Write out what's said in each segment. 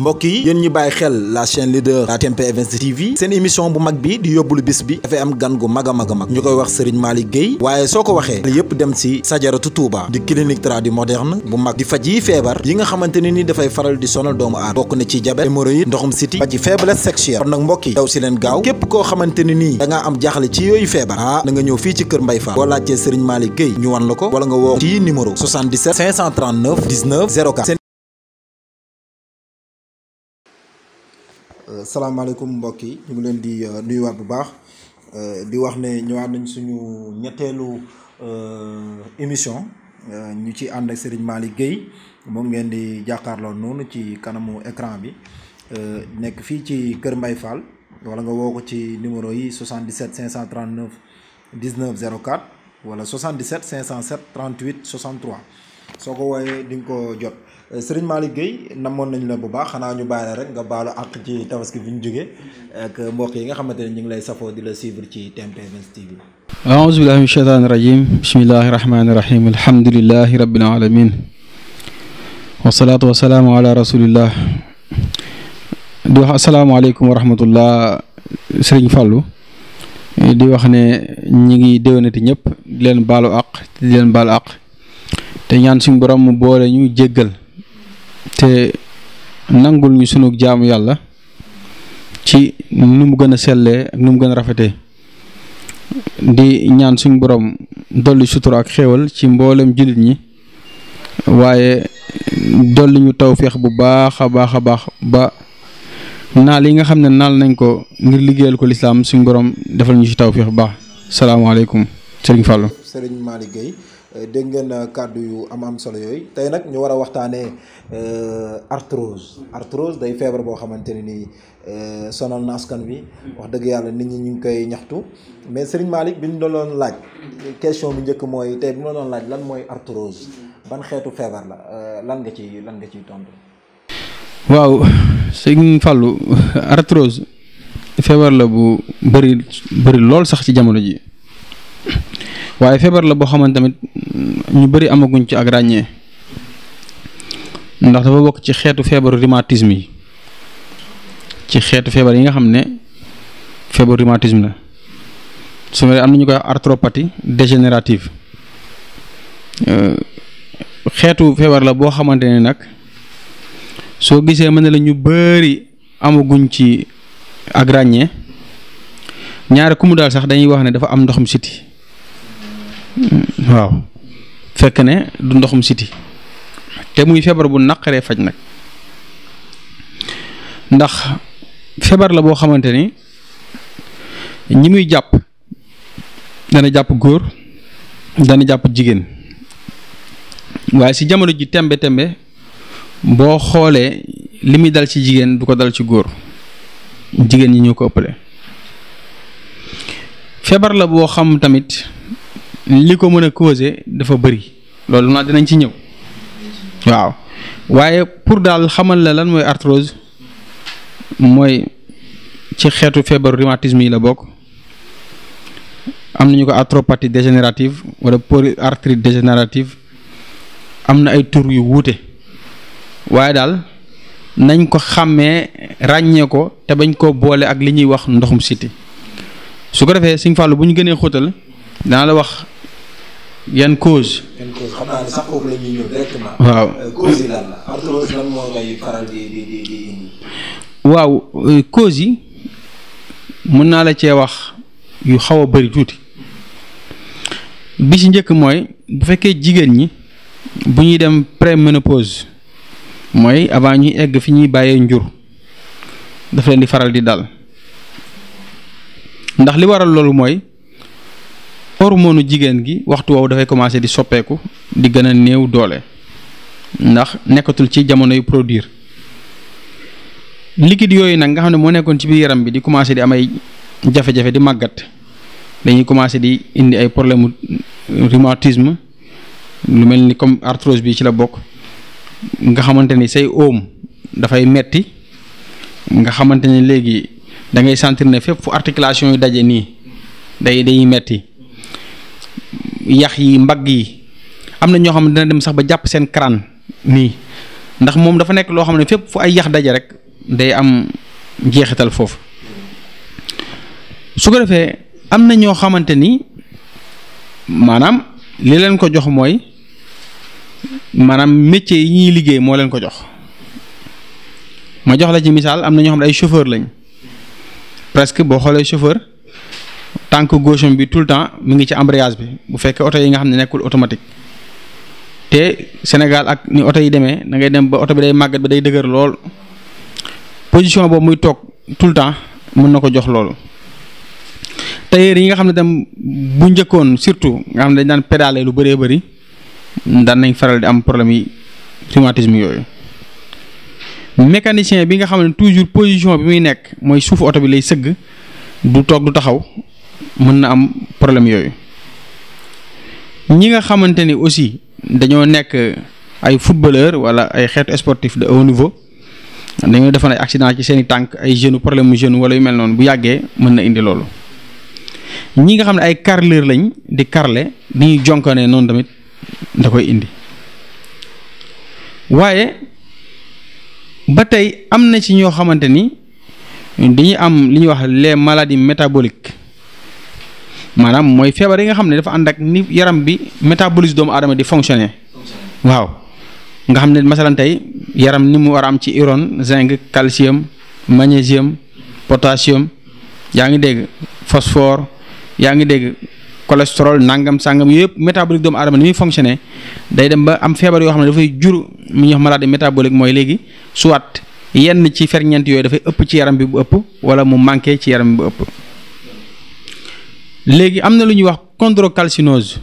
mbokk yi yéen ñi bàyyi xel la chaîne leader la TMP Events TV seen émission bu mag bi di yóbbulu bis bi dafay am gan gu mag a mag a mag ñu koy wax Serigne malik Gueye waaye soo ko waxee yépp dem si Sadiaratou Touba di clinique tradi moderne bu mag di faj yi feebar yi nga xamante ne ni dafay faral di sonal doomu aadama bokk na ci jabe hémorroïde ndoxum city ba ci faiblesse sexuelle kon nag mbokk yi daw si leen gaaw képp koo xamante ne da nga am jaaxle ci yooyu feebar ah da nga ñëw fii ci kër mbay fa boo laajtee Serigne malik Gueye ñu wan la ko wala nga woo ci numéro 77 539 19 04 Euh, salaamaaleykum mbokk yi ñu ngi leen di euh, nuyuwaat bu baax bi euh, wax ne ñëwaat nañ suñu ñetteelu émission ñu ci ànd ak Serigne Malick Guèye moom ngeen di jàkkaarloo noonu ci kanamu ecran bi nekk fii ci Kër mbay Fall wala nga woo ko ci numéro yi 77 539 19 04 wala 77 507 38 63. soo ko wooyee di nga ko jot euh, sëriñ Malick Guèye namoon nañ la bu baax xanaa ñu bàyyi la rek nga baalu àq ci tabaski bi ñu jógee ak mbokk yi nga xamante ne ñu ngi lay safoo di la suivre ci TMP 20 TV. aouzu billahi min shaytaani rajim bismillahi rahmaani rahim alhamdulillahi rabbil alamin wasalaatu wasalaamu ala rasulillah rahmatullah sëriñ Fallou di wax ne ñi ngi déwénati ñëpp di leen baalu àq di leen baalu àq te ñaan suñu boroom mu boole ñu jéggal te nangul ñu sunu jaamu yàlla ci nu mu gën a sellee ak nu mu gën a rafetee di ñaan suñ boroom dolli sutura ak xéewal ci mbooleem jullit ñi waaye dolli ñu tawféex bu baax a baax a baax ba naal yi nga xam ne naal nañ ko ngir liggéeyal ko lislaam suñ borom defal ñu ci tawféex bu baax salaamaaleykum Serigne Fallou. Serigne Malick Gueye Euh, dégg ngeen euh, kàddu yu am am solo yooyu tey nag ñu war a waxtaanee euh, arthrose arthrose day feebar boo xamante ne nii sonal na askan wi. wax dëgg yàlla nit ñi ñu koy ñaxtu. mais Serigne Malick bi ñu doon laaj. question bi njëkk mooy tey bi ma doon laaj lan mooy arthrose. ban xeetu feebar la lan nga ci lan nga ciy tontu. waaw sëñ feebar la bu bari bëri lool sax ci jamono ji. waaye feebar la boo xamante tamit ñu bëri amaguñ ci ak ràññee ndax dafa bokk ci xeetu feebaru rhumatisme yi ci xeetu feebar yi nga xam ne feebaru rhumatisme la su ma am na ñu koy arthropathie dégénérative euh, xeetu feebar la boo xamante ne nag soo gisee mën la ñu bëri amaguñ ci ak ràññee ñaare ku mu daal sax dañuy wax ne dafa am ndoxum siti waaw fekk ne du ndoxum siti te muy feebar bu naqaree faj nag ndax feebar la boo xamante ni ñi muy jàpp dana jàpp góor dana jàpp jigéen waaye ci jamono ji tembe tembe boo xoolee li muy dal ci jigéen du ko dal ci góor jigéen ñi ñoo ko ëppale feebar la boo xam tamit li ko mën a causé dafa bëri loolu naa dinañ ci ñëw waaw waaye pour daal xamal la lan mooy arthrose mooy ci xeetu feebaru rhumatisme yi la bokk am nañu ko arthropathie dégénérative wala polyarthrite dégénérative am na ay tur yu wuute waaye daal nañ ko xàmmee ràññee ko te bañ koo boole ak li ñuy wax ndoxum siti su ko defee Sëñ Fallou bu ñu gënee xóotal dana la wax yan cause waaw cause yi mën naa la cee wax yu xaw a bëri tuuti bi ci njëkk mooy bu fekkee jigéen ñi bu ñuy dem préménopause mooy avant ñuy egg fi ñuy bàyyee njur daf leen di faral di dal ndax li waral loolu mooy. hormonu jigen gi waxtu da fay commencer di soppeku di gëna a doole ndax nekatul ci jamono yu produire liquide yoy nak nga xamne mo nekkon ci bi yaram bi di commencer di amay jafé jafe-jafe di magat dañuy commencer di indi ay problème rhumatisme lu melni comme arthrose bi ci la bok nga xamanteni ni say oom fay metti nga xamanteni ni da ngay sentir ne fep fu articulation yu dajé ni day day metti yax yi mbag yi amna ño xamne dina dem sax ba japp sen crâne ni ndax mom dafa nek lo xamne ne fu ay yax dajje rek day am jeexital fofu su ko defé amna ño xamanteni manam li len ko jox moy manam métier yi ñi liggéey mo len ko jox ma jox la ci misal amna ño xamne ay chauffeur lañ presque bo xolé chauffeur tànk gauche bi tout le temps mu ngi ci embrayage bi bu fekkee oto yi nga xam ne nekkul automatique te Sénégal ak ni oto yi demee da ngay dem ba oto bi day màggat ba day dëgër lool position boobu muy toog tout le temps mën na ko jox loolu. tailleur yi nga xam ne dem bu njëkkoon surtout nga xam ne dañ daan pédale lu bëree bëri daan nañ faral di am problème yi rhumatisme yooyu mécanicien bi nga xam ne toujours position bi muy nekk mooy suufu oto bi lay sëgg du toog du taxaw mën na am problème yooyu ñi nga xamante ni aussi dañoo nekk ay footballeur wala ay xeetu sportif de haut niveau dañoo defan ay accident ci seeni tànk ay jeunes problème mu jeune wala yu mel noonu bu yàggee mën na indi loolu ñi nga xam ne ay carleur lañ di carle di ñuy jonkane noonu tamit da koy indi waaye ba tey am na ci ñoo xamante ni dañuy am li ñuy wax les maladies métaboliques manam moy feebar yi nga xamne dafa andak ni yaram bi metabolisme doom aadama di fonctionner waaw nga xamne masalan tay yaram ni mu war am ci iron zinc calcium magnesium potassium yaa ngi phosphore yaa ngi dégg nangam sangam yep metabolisme doom doomu ni muy fonctionner day dem ba am feebar yo xamne da fay jur mi ñuy malade metabolique moy legi soit yenn ci yoy da fay upp ci yaram bi bu upp wala mu manqué ci yaram bi bu upp léegi am na lu ñuy wax chondrocalcinose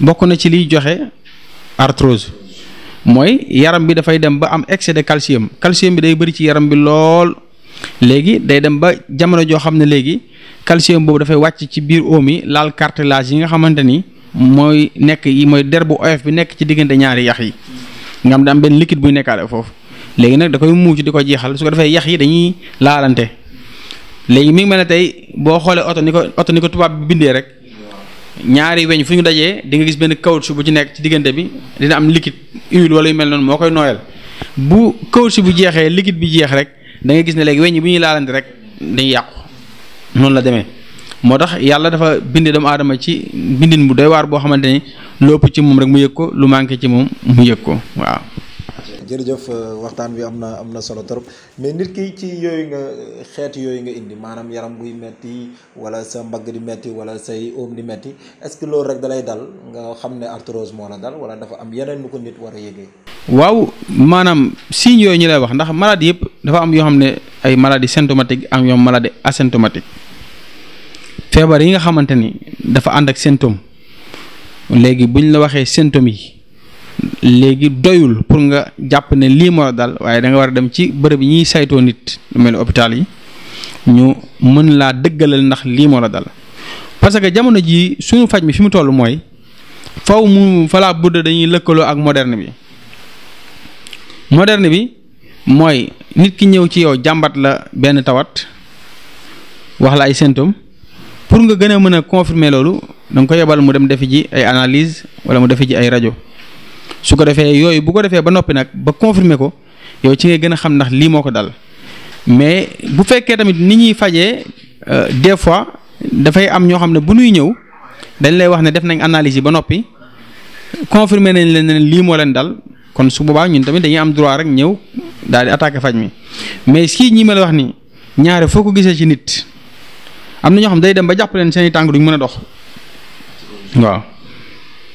bokk na ci liy joxe arthrose mooy yaram bi dafay dem ba am excès de calcium calcium bi day bëri ci yaram bi lool léegi day dem ba jamono joo xam ne léegi calcium boobu dafay wàcc ci biir oom yi laal cartilage yi nga xamante ni mooy nekk yi mooy der bu oyof bi nekk ci diggante ñaari yax yi nga xam ne am benn liquide buy nekkaale foofu léegi nag da koy muucu di ko jeexal su ko defee yax yi dañuy laalante léegi mi ngi mel ne tey boo xoolee oto ni ko oto ni ko tubaab bi bindee rek ñaari weñ fu ñu dajee di nga gis benn caoutchouc bu ci nekk ci diggante bi dina am liquide huile wala yu mel noonu moo koy nooyal bu caoutchouc bu jeexee liquide bi jeex rek da nga gis ne léegi weñ yi bu ñuy laalante rek dañuy yàqu noonu la demee. moo tax yàlla dafa bindee doomu aadama ci bindin bu doy waar boo xamante ni lu ci moom rek mu yëg ko lu manqué ci moom mu yëg ko waaw. jërëjëf euh, waxtaan bi am na am na solo trop mais nit ki ci yooyu nga xeet yooyu nga indi maanaam yaram buy metti wala sa mbagg di metti wala say oom di metti est-ce que loolu rek dalay dal nga xam ne arthrose moo la dal wala dafa am yeneen nu ko nit war a yëgee. waaw maanaam signes yooyu ñu lay wax ndax maladie yëpp dafa am yoo xam ne ay maladie symptomatique am yoo maladie asymptomatique feebar yi nga xamante ni dafa ànd ak symptôme léegi buñ la waxee symptômes yi. léegi doyul pour nga jàpp ne lii moo dal waaye da war a dem ci bërëb yi ñuy saytoo nit lu mel ni hôpital yi ñu mën laa dëggalal ndax lii moo la dal parce que jamono jii suñu faj mi fi mu toll mooy faw mu falaa budd dañuy lëkkaloo ak moderne bi moderne bi mooy nit ki ñëw ci yow jàmbat la benn tawat wax la ay symptômes pour nga gën a mën a confirmer loolu da ko yebal mu dem defe ji ay analyse wala mu defi ji ay rajo su ko defee yooyu bu ko defee ba noppi nag ba confirmer ko yow ci ngay gën a xam ndax lii moo ko dal mais bu fekkee tamit ni ñuy fajee euh, des fois dafay am ñoo xam ne bu ñuy ñëw dañ lay wax ne def nañ analyse yi ba noppi confirmer nañ leen lii moo leen dal kon su boobaa ñun tamit dañuy am droit rek ñëw daal di attaquer faj mi mais si ñi ma la wax ni ñaare foo ko gisee ci nit am na ñoo xam day dem ba jàpp leen seen i tànk duñ mën a dox waaw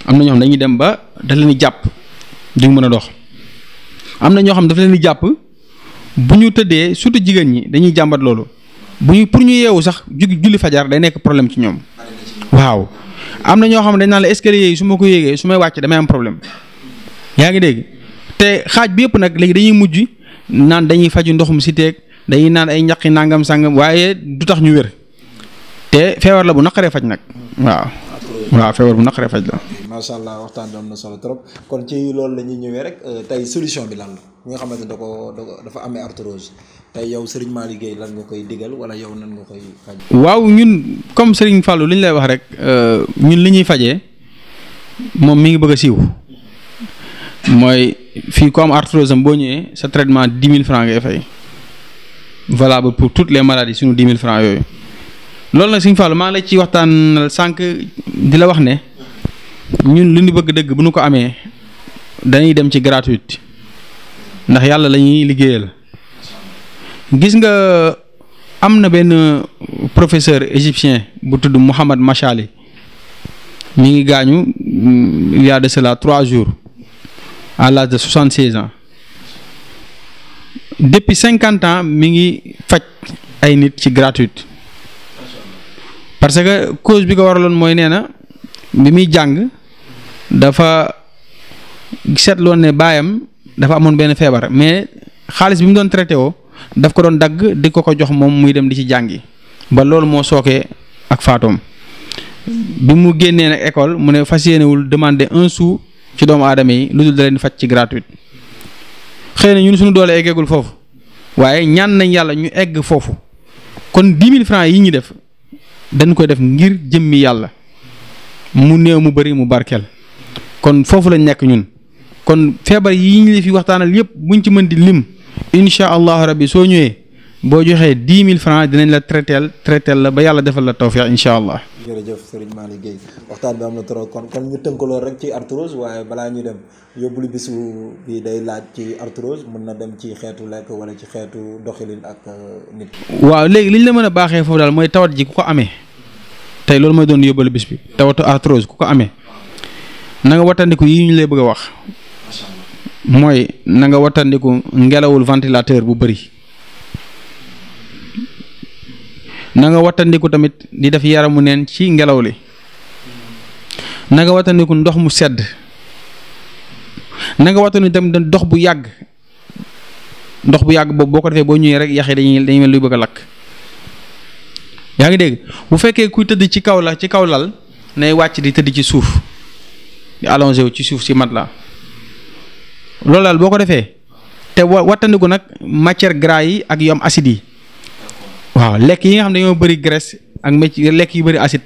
am na ñoo xam dañuy dem ba daf leen di jàpp duñ mën a dox am na ñoo xam daf leen di jàpp bu ñu tëddee surtout jigéen ñi dañuy jàmbat loolu bu ñu pour ñu yeewu sax jug julli fajar day nekk problème ci ñoom waaw am na ñoo xam ne dañ naan la escalier yi su ma ko yéegee su may wàcc damay am problème yaa ngi dégg te xaaj bi yëpp nag léegi dañuy mujj naan dañuy faju ndoxum si teeg dañuy naan ay ñaqi nangam sàngam waaye du tax ñu wér te feebar la bu naqaree faj nag waaw waaw feebar naqaree faj la macha allah waxtaan bi am na solo trop kon ci loolu la ñuy ñëwee rek euh, tey solution bi lan la ñi xamante da ko dafa amee arthrose tey yow Serigne Malick Gueye lan nga koy digal wala yow nan nga koy faj. waaw ñun comme Serigne Fallou li ñu lay wax rek euh, ñun li ñuy fajee moom mi ngi bëgg a siiw mooy fii ku am arthrose am boo ñëwee sa traitement dix mille francs ngay fay valable pour toutes les maladies suñu dix mille francs yooyu loolu nag Serigne Fallou maa la ci waxtaan sànq di ñun li ñu bëgg dëgg bu nu ko amee dañuy dem ci gratuite ndax yàlla lañuy liggéeyal gis nga am na benn professeur égyptien bu tudd Mouhamad Machali mi ngi gaañu mm, il y a de trois jours à l'âge de soixante ans depuis cinquante ans mi ngi faj ay nit ci gratuite parce que cause bi ko waraloon mooy nee na bi muy jàng dafa seetloon ne baayam dafa amoon benn feebar mais xaalis bi mu doon traité woo daf ko doon dagg di ko ko jox moom muy dem di ci jàngi ba loolu moo sookee ak faatoom bi mu génnee nag école mu ne fas yéenewul demander un sou ci doomu aadama yi lu dul da faj ci gratuite xëy na ñun suñu doolee eggeegul foofu waaye ñaan nañ yàlla ñu egg foofu kon dix mille francs yi ñu def dañ koy def ngir jëmmi yàlla mu néew mu bari mu barkeel kon foofu lañ nekk ñun kon feebar yi ñu li fi waxtaanal yëpp buñ ci mën di lim incha allahu rabbi soo ñëwee boo joxee dix mille francs dinañ la traiteel traiteel la ba yàlla defal la tawfiq incha allah. jërëjëf sëriñ Malick Guèye bi am na trop kon kon ñu tënkaloo rek ci arthrose waaye balaa ñu dem yóbbulu bisu bi day laaj ci arthrose mën na dem ci xeetu lekk wala ci xeetu doxalin ak euh, nit. waaw léegi liñ la mën a baaxee foofu daal mooy tawat ji ku ko amee tey loolu mooy doon yóbbalu bis bi tawatu arthrose ku ko amee. na nga wattandiku yi ñu lay bëgg wax moy na nga wattandiku ngelawul ventilateur bu bari na nga tamit di def yaramu neen ci ngelawli li na nga wattandiku ndox mu sedd na nga dem tamit dox bu yagg ndox bu yagg boobu boo ko defee boo ñëwee rek yaxé dañuy dañuy mel luy bëgg lak yaangi dégg bu fekkee kuy tëdd ci kaw la ci kaw lal nay wacc di tëdd ci suuf allongé wu ci suuf si mat la loolu daal boo ko defee te wa wattandiku nag matière gras yi ak yom acide yi waaw lekk yi nga xam ne ñoo bëri graisse ak métier lekk yu bëri acide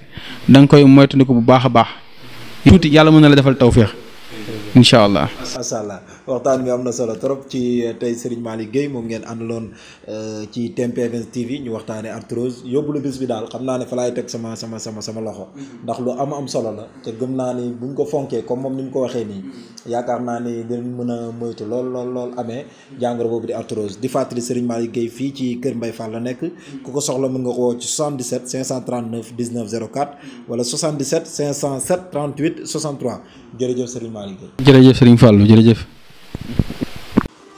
danga nga koy moytandiku bu baax a baax tuuti yàlla mën na la defal tawféex incha allah. waxtaan bi am na solo trop ci euh, tey Serigne Malick Gueye moom ngeen àndaloon euh, ci TMP20 TV ñu waxtaanee arthrose yóbbu la bis bi daal xam naa ne fa laay teg sama sama sama sama loxo mm-hmm. ndax lu am am solo la te gëm naa ni buñ ko fonkee comme moom ni mu ko waxee nii mm-hmm. yaakaar naa ni dinañ mën a moytu lool lool lool amee mm-hmm. jàngoro boobu di arthrose di fàttali Serigne Malick Gueye fii ci kër Mbaye Fall la nekk ku ko soxla mën nga ko woo ci 77 539 19 04 wala 77 507 38 63 jërëjëf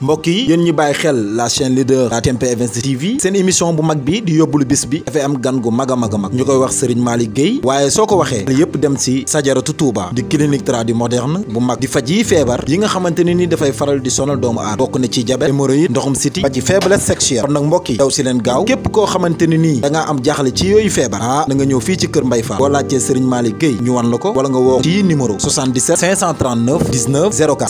mbokk yi yéen ñi bàyyi xel la chaîne leader la TMP Events TV sen émission bu mag bi di yobul bis bi fa am gan gu maga a mag ñukoy wax Serigne malik Gueye waye soko waxe yépp dem ci Sadiaratou Touba di clinique tradi moderne bu mag di faji fièvre yi nga xamanteni ni da fay faral di sonal doomu aadama bokku ne ci diabète hémorroïde ndoxum siti ba ci faiblesse sexuelle kon nag mbokk yi daw si leen gaaw képp ko xamanteni ni da nga am jaxlé ci yooyu fièvre ah da nga ñew fi ci kër Mbaye Fall wala ci Serigne malik Gueye ñu wan lako wala nga wo ci numéro 77 539 19 04